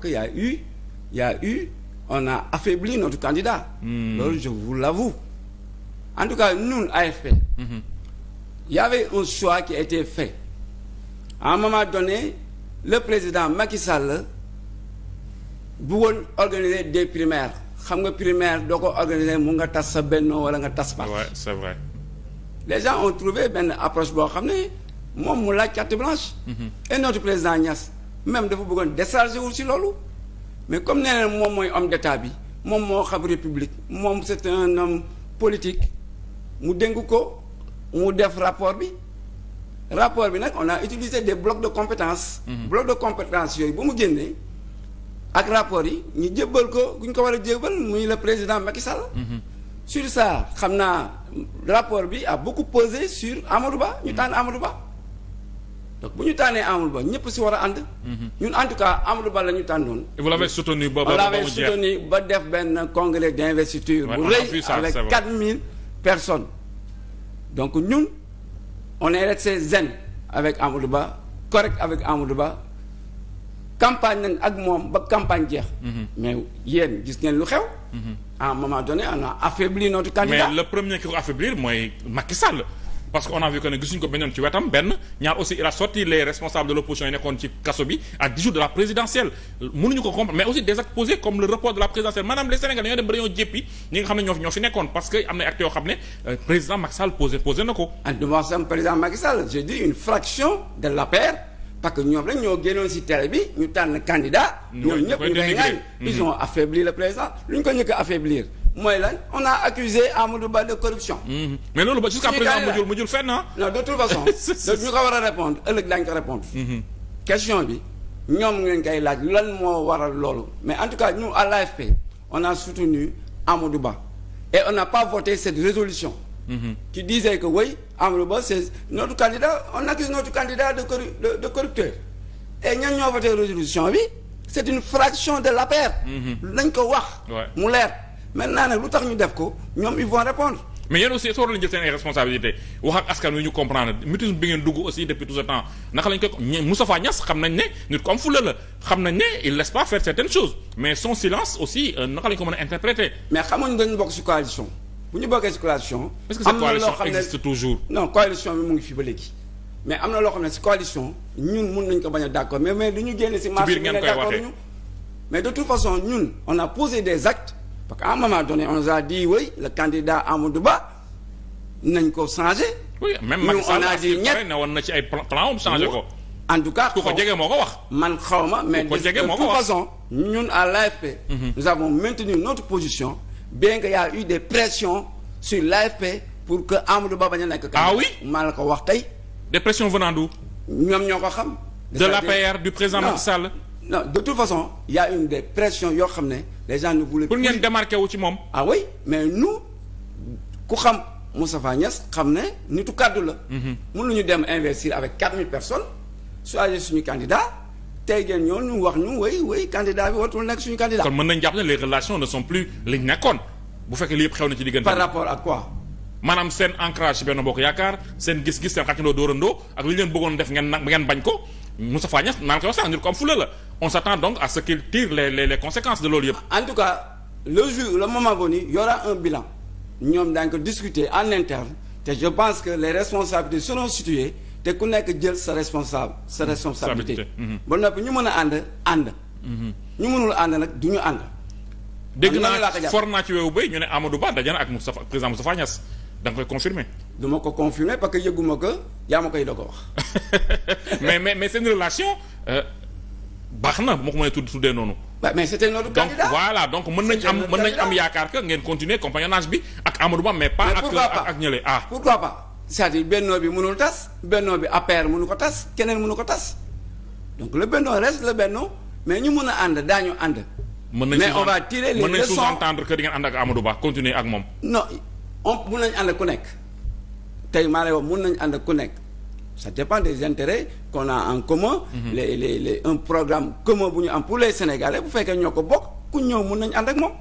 parce que y a eu y on a affaibli notre candidat. Hmm. loolu je vous l'avoue. en tout cas ñun AFP. Mm-hmm. y avait un choix qui a fait à moment donné le président Macky Sall bëggoon organiser des primaires xam nga primaire doo ko organiser mun nga tas sa bennoo wala nga tas pas. ouais c'est vrai. les gens ont trouvé benn approche boo xam ne moom mu laaj carte blanche. Hmm. et notre président Niass. même dafa bëggoon décharger wu si loolu mais comme nee na moom mooy homme d'état bi moom moo xam république moom c'est un homme politique mu déng ko mu def rapport bi rapport bi nag on a utilisé des blocs de compétence mmh. de compétences yooyu ba mu génnee ak rapport yi ñu jébbal ko ku ñu ko war a jébbal muy le président Macky Sall mmh. sur ça xam naa rapport bi a beaucoup pesé sur Amadou Ba ñu tànn Amadou Ba donc bu ñu tànnee amul Ba ñëpp si war a ànd. Mhm. ñun en tout cas Amadou Ba la ñu tànnoon. vous l'avez soutenu ba ba mu jeex on l'avait soutenu ba def benn congrès d'investiture. bu rëy avec 4000 personnes. donc ñun on est resté zen avec Amadou Ba correct avec Amadou Ba campagne nañ ak moom ba campagne jeex. Mhm. mais yéen gis ngeen lu xew. Mhm. à un moment donné on a affaibli notre candidat. mais le premier qui ko affaiblir mooy Macky Sall. parce que on a vu que ne gisuñu ko benn yoon ci wetam benn ñaar aussi il a sorti les responsables de l'opposition yi nekkoon ci kaso bi à dix jours de la présidentielle mënuñu ko comprendre mais aussi des actes posés comme le report de la présidentielle maanaam les Sénégalais ñoo dem ba dañoo jéppi ñi nga xam ne ñoo fi nekkoon parce que am na actes xam ne euh, président Macky Sall posé na ko ah, en devançant président Macky Sall j'ai une fraction de l'APR parce que mooy lan on a accusé Amadou Ba de corruption. Mhm. mais loolu ba jusqu'à présent mu jul mu jul fenn non de toute façon. ñu ko war a répondre ëllëg daañu ko répondre. Mhm. question bi ñoom ngeen koy laaj lan moo waral loolu mais en tout cas ñu à l'AFP on a soutenu Amadou Ba et on n'a pas voté cette résolution. Mhm. qui disait que oui Amadou Ba c'est notre candidat on accuse notre candidat de corru de, de corrupteur et ñan ñoo voté résolution bi c'est une fraction de l'APR. nañ ko wax. mu leer. maintenant nag lu tax ñu def ko ñoom ils vont répondre mais yéen aussi soo leen jël seen ay responsabilité wax ak askan wi ñu comprendre mutisme bi xam nañ ne nit ko am fula la xam nañ ne il laisse pas faire certaines choses mais son silence aussi euh, naka lañ ko mën a interpréter. mais xamuñ dañ bokk ci coalition bu ñu bokkee ci coalition. est que cette coalition existe toujours non coalition bi mu ngi fi ba léegi. mais am na loo xam ne ci coalition parce que un moment donné on a dit oui le candidat Amadou Ba nañ ko changé. oui a dit ñett na ci ay plan changé ko. en tout ko jege moo ko wax. man xaw ma mais de toute façon ñun à l'AFP. Mhm. nous avons maintenu notre position. bien que y a eu des pressions sur l'AFP pour que Amadou Ba bañ a nekk. ah oui maa la ko wax tey. des pressions venant d'où. ñoom ñoo ko xam. de l'APR du président Macky non de toute façon ya y une des pressions yoo xam ne les gens ne voulaient. pour ngeen démarquer wu ci moom. ah oui mais nous ku xam Moustapha Niass xam ne nitu kàddu la. Mhm. mënuñu dem investir avec 4000 personnes choisir suñu candidat. tey jii ñooñu wax ñu oui oui candidat bi wartul nekk suñu candidat. kon mën nañu jàpp ne les relations ne sont plus li ñu nekkoon bu fekkee li yëpp xew na ci diggante. par rapport à quoi. maanaam seen ancrage Bokk Yaakaar seen gis-gis seen xàccandoo dóorandoo li ñu leen def ngeen na ngeen bañ ko Moustapha Niass maa ngi koy wax nit ko am fula la on s'attend donc à ce qu'il tire les les les conséquences de loolu yëpp. en tout cas le jour le moment venu y aura un bilan ñoom daañu ko discuter en interne te je pense que les responsabilités seront situées te ku nekk jël sa responsable sa mmh. responsabilité. Mmh. ba noppi ñu mën a ànd ànd. Mmh. ñu mënul ànd nag du ñu ànd. dégg naa for naa ci weewu bay ñu ne Amadou Ba daje ak Moustapha président Moustapha Niass. da nga koy confirmer. du ma ko confirmer parce que yëguma ko yaa ma koy doog a wax. mais mais mais seen relation euh, baax na bu ma ko mënee tudd tuddee noonu. mais c'était notre candidat donc voilà donc mën nañ am mën nañ am yaakaar que ngeen continuer compagnonnage bi ak Amadou Ba mais. pas ak ak ñële ah. pourquoi pas cest à bennoo bi mënul tas bennoo bi APR mënu ko tas keneen mënu ko tas donc le bennoo reste le bennoo mais ñu mën a ànd daañu ànd. mën nañ mais on va tirer les leçons mën nañ sous-entendre que di ngeen ànd ak Amadou ak moom. on mun nañ ànd ku nekk tey maa lay wax mun nañ ànd ak ku nekk ça dépend des intérêts qu'on a en commun mhm. les les les un programme commun bu ñu am pour les Sénégalais bu fekkee ñoo ko bokk ku ñëw mun nañ ànd ak moom